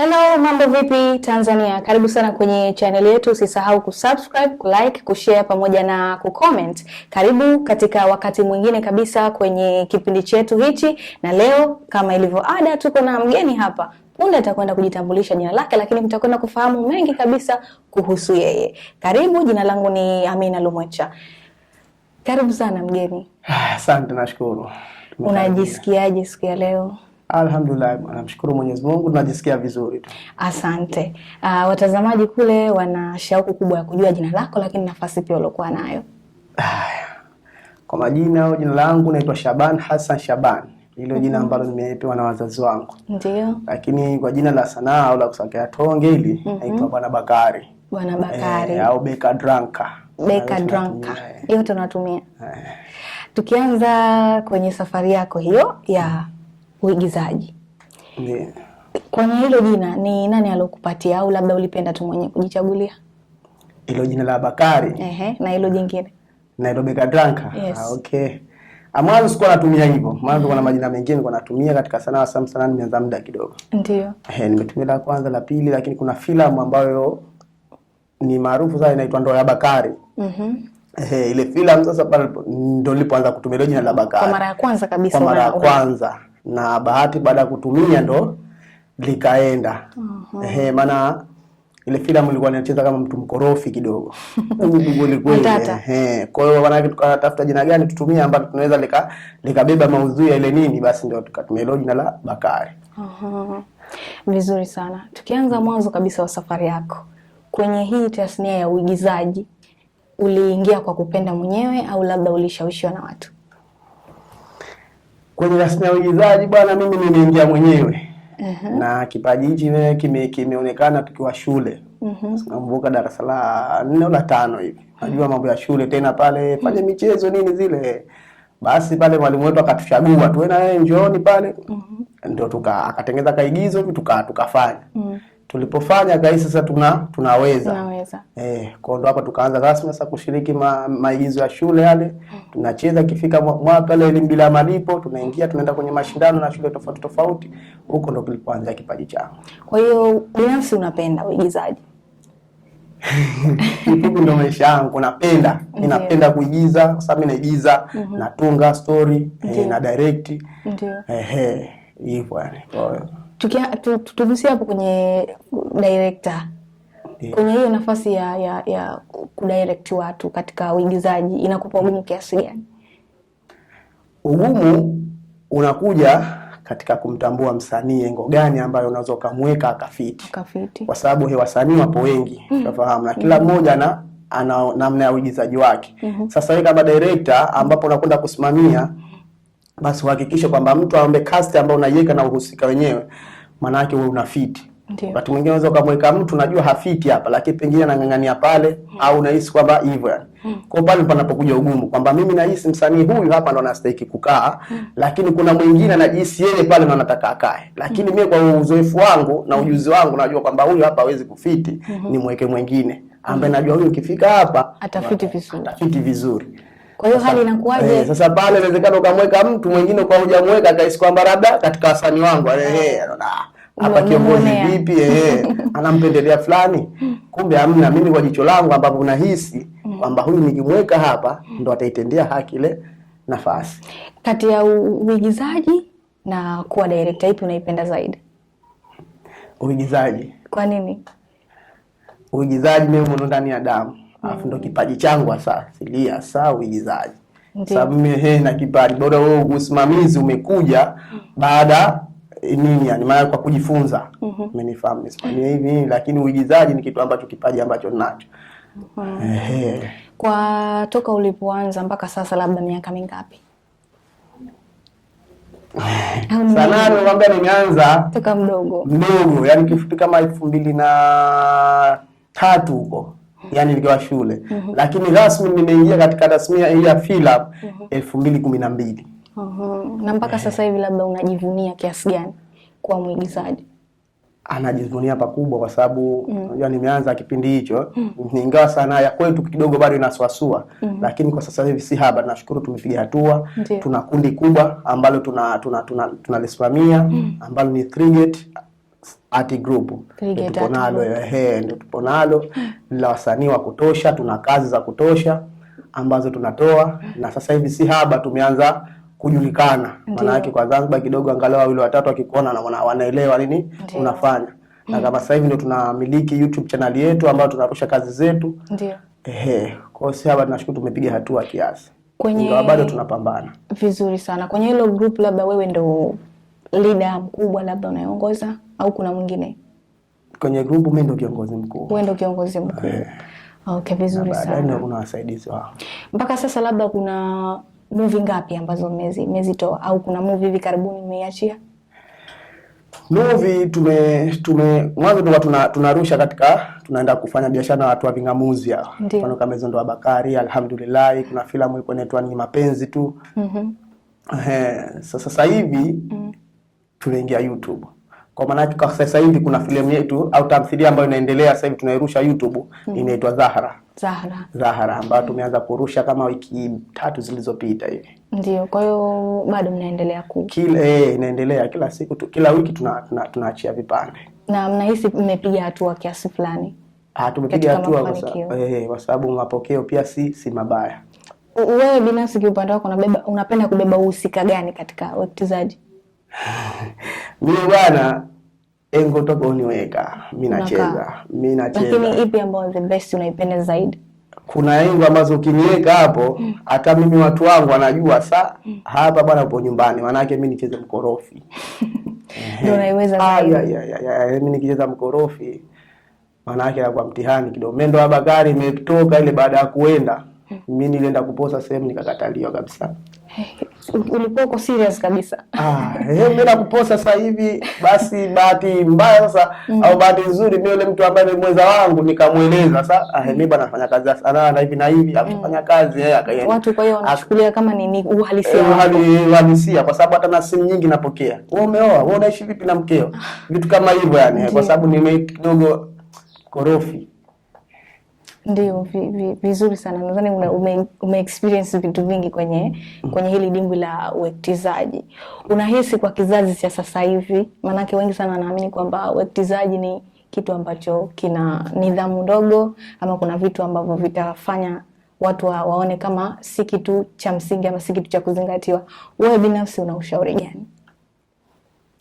Hello, mambo vipi Tanzania? Karibu sana kwenye channel yetu. Usisahau kusubscribe, kulike, kushare pamoja na kucomment. Karibu katika wakati mwingine kabisa kwenye kipindi chetu hichi, na leo kama ilivyo ada, tuko na mgeni hapa punde atakwenda kujitambulisha jina lake, lakini mtakwenda kufahamu mengi kabisa kuhusu yeye. Karibu, jina langu ni Amina Lumwecha. Karibu sana mgeni. Ah, asante, nashukuru. Unajisikiaje siku ya leo? Alhamdulillah, namshukuru Mwenyezi Mungu, tunajisikia vizuri tu. Asante. Uh, watazamaji kule wana shauku kubwa ya kujua jina lako, lakini nafasi pia uliokuwa nayo. Kwa majina au jina langu naitwa Shaban Hassan Shaban, hilo mm -hmm. jina mm-hmm. ambalo nimepewa na wazazi wangu ndio, lakini kwa jina la sanaa au la kusakea tonge hili mm -hmm. naitwa Bwana Bakari, Bwana Bakari eh, au Beka Dranka, Beka Dranka, hiyo tunatumia eh. Tukianza kwenye safari yako hiyo ya uigizaji yeah. Kwenye hilo jina ni nani aliokupatia au labda ulipenda tu mwenyewe kujichagulia hilo jina la Bakari? Ehe, na hilo jingine Nairobi Kadranka. Ah, yes. Ah, okay. Mwanzo sikuwa natumia hivyo, maana kuna majina mengine kwa natumia katika sanaa sana sana, nimeanza muda kidogo. Ndio. Eh, nimetumia la kwanza la pili, lakini kuna filamu ambayo ni maarufu sana inaitwa Ndoa ya Bakari. Mhm. Mm eh, ile filamu sasa pale ndo nilipoanza kutumia jina la Bakari. Kwa mara ya kwanza kabisa. Kwa mara ya kwanza na bahati baada ya kutumia ndo likaenda. uh -huh. Ehe, maana ile filamu ilikuwa inacheza kama mtu mkorofi kidogo kweli kweli. Ehe, kwa hiyo maana tukatafuta jina gani tutumie ambalo tunaweza lika likabeba maudhui ya ile nini, basi ndio tukatumia ile jina la Bakari. uh -huh. Vizuri sana. Tukianza mwanzo kabisa wa safari yako kwenye hii tasnia ya uigizaji, uliingia kwa kupenda mwenyewe au labda ulishawishiwa na watu? kwenye rasmi ya uigizaji bwana, mimi nimeingia mwenyewe uh -huh. na kipaji hichi kime kimeonekana tukiwa shule uh mhm. -huh. nakumbuka darasa la nne au la tano hivi, najua mhm. mambo ya shule tena pale mhm. fanye michezo nini zile basi pale mwalimu wetu akatuchagua tuwe na yeye njooni pale, ndio tuka akatengeza kaigizo tukafanya tuka tulipofanya kaisi sasa tuna tunaweza, tunaweza. Eh, kwa ndo hapa tukaanza rasmi sasa kushiriki ma, maigizo ya shule yale tunacheza, ikifika mwaka ile elimu bila malipo tunaingia tunaenda kwenye mashindano na shule tofauti tofauti, huko ndo kulipoanza kipaji changu. Kwa hiyo binafsi unapenda uigizaji? Kipindi ndo maisha yangu, napenda ninapenda kuigiza kwa sababu naigiza mm -hmm. natunga story eh, na direct ndio, ehe hivyo yani tutugusia hapo kwenye director yeah. Kwenye hiyo nafasi ya, ya, ya kudirect watu katika uigizaji inakupa ugumu kiasi gani? Ugumu unakuja katika kumtambua msanii engo gani ambayo unaweza ukamweka akafiti, kwa sababu he wasanii wapo wengi mm. unafahamu, na kila mm. mmoja ana namna ya uigizaji wake. Mm-hmm. Sasa wewe kama director ambapo unakwenda kusimamia basi uhakikishe kwamba mtu aombe cast ambayo unaiweka na uhusika wenyewe, maana yake wewe unafiti. Wakati mwingine unaweza ukamweka mtu najua hafiti hapa, lakini pengine anang'ang'ania pale hmm, au unahisi kwamba hivyo yani mm. kwa pale panapokuja ugumu kwamba mimi nahisi msanii huyu hapa ndo anastahili kukaa hmm, lakini kuna mwingine anajihisi yeye pale ndo anataka akae, lakini mimi mm. kwa uzoefu wangu na hmm. ujuzi wangu najua kwamba huyu hapa hawezi kufiti -hmm. ni mweke mwingine ambaye hmm. najua huyu ukifika hapa atafiti vizuri, atafiti vizuri. Kwa hiyo hali inakuwaje? Eh, sasa pale inawezekana ukamweka mtu mwingine kwa hujamweka akahisi kwamba labda katika wasanii wangu eh, eh hapa kiongozi vipi eh, eh anampendelea fulani, kumbe amna Mimi kwa jicho langu ambapo unahisi mm. kwamba huyu nikimweka hapa ndo ataitendea haki ile nafasi. Kati ya uigizaji na kuwa director, ipi unaipenda zaidi? Uigizaji. Kwa nini? Uigizaji mimi ndani ya damu alafu ndo mm. kipaji changu hasa asilia hasa uigizaji. Sababu mimi na kipaji bora, wewe usimamizi umekuja baada eh, nini, yani maana kwa kujifunza, mm-hmm. umenifahamu mm nisimamia hivi, lakini uigizaji ni kitu ambacho kipaji ambacho ninacho. Mm-hmm. Ehe, kwa toka ulipoanza mpaka sasa, labda miaka mingapi? Sanaa nimekwambia nimeanza toka mdogo mdogo, yani kifupi kama elfu mbili na tatu huko Mm-hmm. yani nikiwa shule mm -hmm. Lakini rasmi nimeingia katika tasnia hii ya FELAP mm-hmm. elfu mbili kumi na mbili. Mm-hmm. Na mpaka sasa hivi labda unajivunia kiasi gani kuwa mwigizaji? Anajivunia pakubwa kwa sababu mm. unajua, mm. nimeanza kipindi hicho mm. ingawa sanaa ya kwetu kidogo bado inasuasua mm. lakini kwa sasa hivi si haba, tunashukuru tumepiga hatua. Tuna kundi kubwa ambalo tunalisimamia tuna, tuna, tuna, tuna mm. ambalo ni Thrigate ati group tupo nalo, ehe, ndio tupo nalo la wasanii wa kutosha, tuna kazi za kutosha ambazo tunatoa, na sasa hivi si haba, tumeanza kujulikana. Maana yake kwa Zanzibar kidogo, angalau wawili watatu wakikuona na wanaelewa nini unafanya, na mm. kama sasa hivi ndio tunamiliki YouTube channel yetu ambayo tunarusha kazi zetu, ndio ehe, kwa si haba, tunashukuru tumepiga hatua kiasi, kwenye... bado tunapambana. Vizuri sana kwenye hilo group, labda wewe ndo leader mkubwa labda unayeongoza au kuna mwingine kwenye grupu? Mimi ndo kiongozi mkuu. Wewe ndo kiongozi mkuu eh. Okay, vizuri sana. Kuna wasaidizi wao. Mpaka sasa labda kuna movie ngapi ambazo mmezitoa au kuna movie hivi karibuni mmeiachia? Movie tume tume mwanzo tulikuwa tuna, tunarusha katika tunaenda kufanya biashara na watu wa vingamuzi hawa. Mfano kama hizo Abakari, alhamdulillah kuna filamu ilikuwa inaitwa ni mapenzi tu. Mhm. Mm eh, sasa hivi mm -hmm tunaingia YouTube. Kwa maana kwa sasa hivi kuna filamu yetu au tamthilia ambayo inaendelea sasa hivi tunairusha YouTube mm. inaitwa Zahara. Zahara. Zahara ambayo tumeanza kurusha kama wiki tatu zilizopita hivi. Ndio, kwa hiyo bado mnaendelea ku Kile eh, inaendelea kila siku tu, kila wiki tunaachia tuna, tuna, tuna vipande. Na mnahisi mmepiga hatua kiasi fulani? Ah, tumepiga hatua kwa sababu eh, kwa sababu mapokeo pia si si mabaya. Wewe binafsi kiupande wako unabeba unapenda kubeba uhusika gani katika uigizaji? Mimi bwana engo toka uniweka, mimi nacheza, mimi nacheza. Lakini ipi ambayo the best unaipenda zaidi? Kuna engo ambazo ukiniweka hapo mm. hata mimi watu wangu wanajua sa mm. hapa bwana upo nyumbani, manake mimi nicheze mkorofi ndio naiweza Ah, ya, ya, ya, mimi nikicheza mkorofi manake kwa mtihani kidogo. Mimi ndo imetoka ile baada ya kuenda mimi mm. nilienda kuposa sehemu nikakataliwa kabisa. ulikuwa uko serious kabisa. Ah, eh, mimi nakuposa sasa hivi, basi bahati mbaya sasa mm. au bahati nzuri, mimi yule mtu ambaye ni mweza wangu nikamweleza sasa, ah, mm. mimi bwana nafanya kazi sana na hivi na hivi, mm. amefanya kazi yeye akaye. Watu kwa hiyo ah, wanachukulia kama ni uhalisia eh, uhalisia, kwa sababu hata na simu nyingi napokea, wewe umeoa, wewe unaishi vipi na mkeo, ah. vitu kama hivyo yani, eh, kwa sababu nime kidogo korofi ndio, vizuri sana. Nadhani ume, ume experience vitu vingi kwenye kwenye hili dimbwi la uwektizaji. Unahisi kwa kizazi cha sasa hivi, maanake wengi sana wanaamini kwamba uwektizaji ni kitu ambacho kina nidhamu ndogo, ama kuna vitu ambavyo vitafanya watu wa, waone kama si kitu cha msingi ama si kitu cha kuzingatiwa. Wewe binafsi una ushauri gani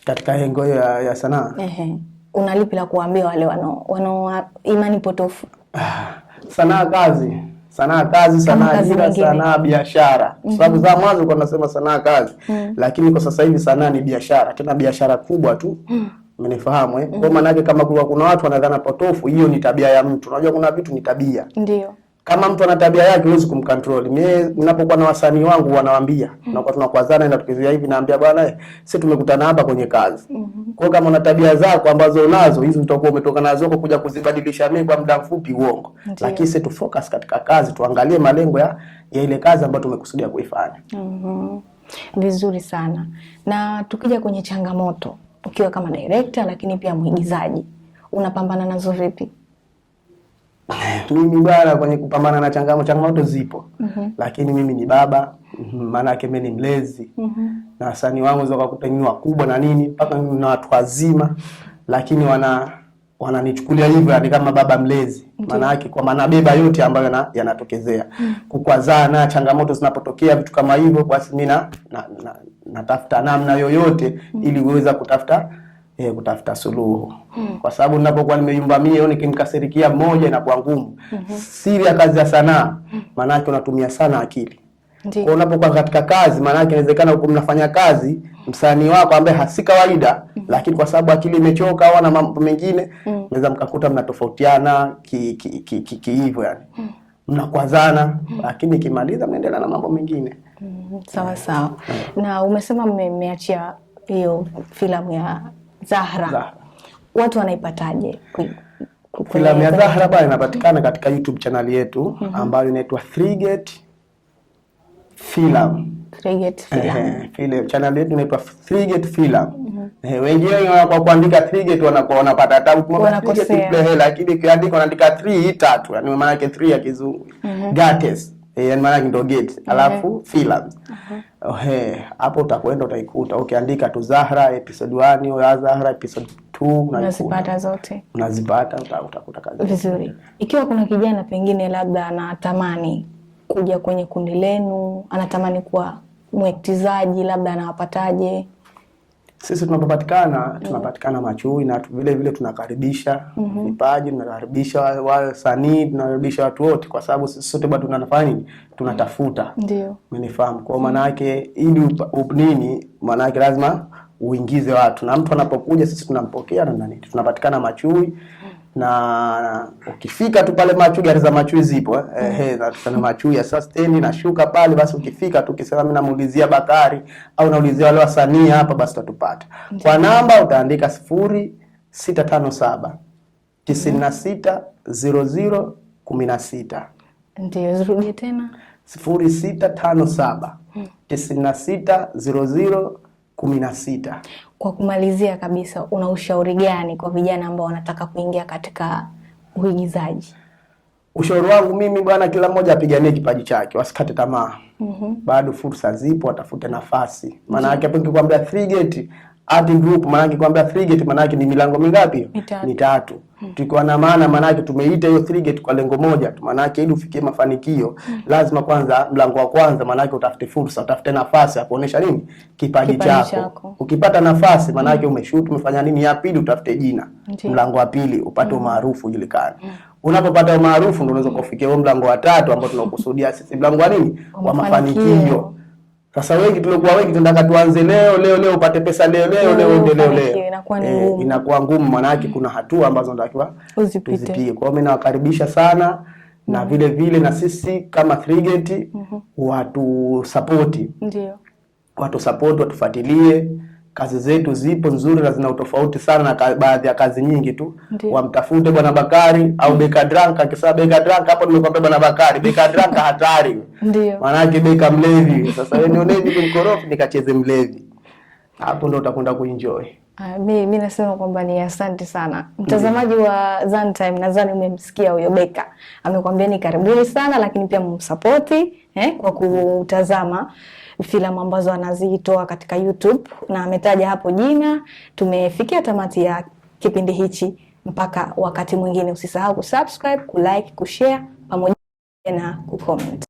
katika hengo hiyo ya, ya sanaa? Ehe, unalipi la kuwaambia wale wanaoimani potofu? Ah sanaa kazi sanaa kazi, sanaa ajira, sanaa biashara. mm -hmm. Sababu mm-hmm. za mwanzo kwa nasema sanaa kazi mm -hmm. Lakini kwa sasa hivi sanaa ni biashara, tena biashara kubwa tu mm -hmm. eh? mm -hmm. Kwa mm-hmm. maana yake kama kuna watu wanadhana potofu, hiyo ni tabia ya mtu. Unajua kuna vitu ni tabia, ndio kama mtu ana tabia yake huwezi kumcontrol. Mimi ninapokuwa na wasanii wangu wanawaambia, mm -hmm. na kwa tunakwazana na tukizoea hivi naambia bwana, eh, sisi tumekutana hapa kwenye kazi. Mm -hmm. Kwa kama una tabia zako ambazo unazo hizi utakuwa umetoka nazo kwa kuja kuzibadilisha mimi kwa muda mfupi uongo. Lakini sisi tu focus katika kazi, tuangalie malengo ya, ya ile kazi ambayo tumekusudia kuifanya. Mm -hmm. Vizuri sana. Na tukija kwenye changamoto ukiwa kama director lakini pia mwigizaji unapambana nazo vipi? mimi bwana, kwenye kupambana na changamoto, changamoto zipo mm -hmm. lakini mimi ni baba mhm, maana yake mimi ni mlezi mm -hmm. na wasanii wangu zoka ni wakubwa na nini mpaka na watu wazima, lakini wana wananichukulia hivyo, yani kama baba mlezi, maana yake kwa maana beba yote ambayo yanatokezea mm -hmm. kukwazaa na changamoto zinapotokea vitu kama hivyo, basi mimi na, na, na, natafuta namna yoyote mm -hmm. ili uweza kutafuta eh, kutafuta suluhu mm. Kwa sababu ninapokuwa nimeyumba mie au nikimkasirikia mmoja inakuwa ngumu mm -hmm. Siri ya kazi ya sanaa hmm. maanake unatumia sana akili kwa unapokuwa katika kazi, maanake inawezekana huko mnafanya kazi msanii wako ambaye hasi kawaida mm. Lakini kwa sababu akili imechoka au na mambo mengine hmm. naweza mm. mkakuta mnatofautiana ki, ki, ki, ki, ki hivyo yani mm. mnakwazana mm. Lakini ikimaliza mnaendelea na mambo mengine mm. Sawa sawa mm. Na umesema mmeachia hiyo filamu ya Zahra, Zahra. Watu wanaipataje? Filamu ya Zahra bana inapatikana katika YouTube channel yetu mm -hmm. ambayo inaitwa Threegate Film. Thrigate Film. Channel yetu inaitwa Thrigate Film. Eh, wenyewe kuandika Thrigate wanakuwa wanapata tabu lakini wanaandika 3 tatu, yani maana yake 3 ya kizungu. Mhm. Gates eh, yani maana yake ndio get eh. alafu filamu uh-huh. hapo utakwenda utaikuta ukiandika tu Zahra episode 1 au Zahra episode 2 unazipata zote, unazipata utakuta kazi vizuri. Ikiwa kuna kijana pengine labda anatamani kuja kwenye kundi lenu, anatamani kuwa mwektizaji, labda anawapataje? Sisi tunapopatikana tunapatikana Machui na vile vile tunakaribisha mm-hmm. vipaji, tunakaribisha wasanii, tunakaribisha watu wote, kwa sababu sisi sote bado tunafanya tunatafuta. Ndio umenifahamu? Kwa maana yake ili nini, maana yake lazima uingize watu, na mtu anapokuja sisi tunampokea na nani, tunapatikana Machui na ukifika tu pale Machui, gari za Machui zipo eh, eh, na ya sasa stendi nashuka pale basi. Ukifika tu ukisema mimi namuulizia Bakari au naulizia wale wasanii hapa, basi utatupata kwa namba, utaandika sifuri sita tano saba tisini na sita zero zero kumi na sita. Ndio, zirudie tena sifuri sita tano saba mm. tisini na sita zero zero kumi na sita. Kwa kumalizia kabisa, una ushauri gani kwa vijana ambao wanataka kuingia katika uigizaji? Ushauri wangu mimi bwana, kila mmoja apiganie kipaji chake, wasikate tamaa. mm -hmm. Bado fursa zipo, watafute nafasi, maana yake hapo nikikwambia three gate Ati group maana yake kwamba three gate maana yake ni milango mingapi? Ni tatu. Hmm. Tukiwa na maana maana yake tumeita hiyo three gate kwa lengo moja tu, maana yake ili ufikie mafanikio hmm, lazima kwanza mlango wa kwanza maana yake utafute fursa, utafute nafasi ya kuonesha nini kipaji, chako. Ukipata nafasi maana yake hmm. umeshoot, umefanya nini. Ya pili utafute jina, mlango wa pili upate hmm. umaarufu, ujulikane. hmm. Unapopata umaarufu ndio unaweza hmm. kufikia huo mlango wa tatu ambao tunakusudia sisi, mlango wa nini wa mafanikio. Sasa wengi tumekuwa wengi tunataka tuanze leo leo leo upate pesa leo leo leo ende leo leo, inakuwa eh, ngumu, Maana yake kuna hatua ambazo natakiwa tuzipige. Kwa hiyo mimi nawakaribisha sana na mm-hmm. vile vile na sisi kama Thrigate mm-hmm. watu support, ndio watu support, watufuatilie kazi zetu zipo nzuri na zina utofauti sana na baadhi ya kazi nyingi tu. Wamtafute bwana Bakari au mm. Beka Drunk, Akisema Beka Drunk hapo nimekwambia bwana Bakari, Beka Drunk hatari, maana yake Beka mlevi. Sasa wewe nioneni ni mkorofi nikacheze mlevi, hapo ndo utakwenda kuenjoy. Ah, mi, mi nasema kwamba ni asante sana mtazamaji wa Zantime, nadhani umemsikia huyo Beka amekwambia ni karibuni sana, lakini pia mmsapoti eh, kwa kutazama filamu ambazo anazitoa katika YouTube na ametaja hapo jina. Tumefikia tamati ya kipindi hichi, mpaka wakati mwingine, usisahau kusubscribe, kulike, kushare pamoja na kucomment.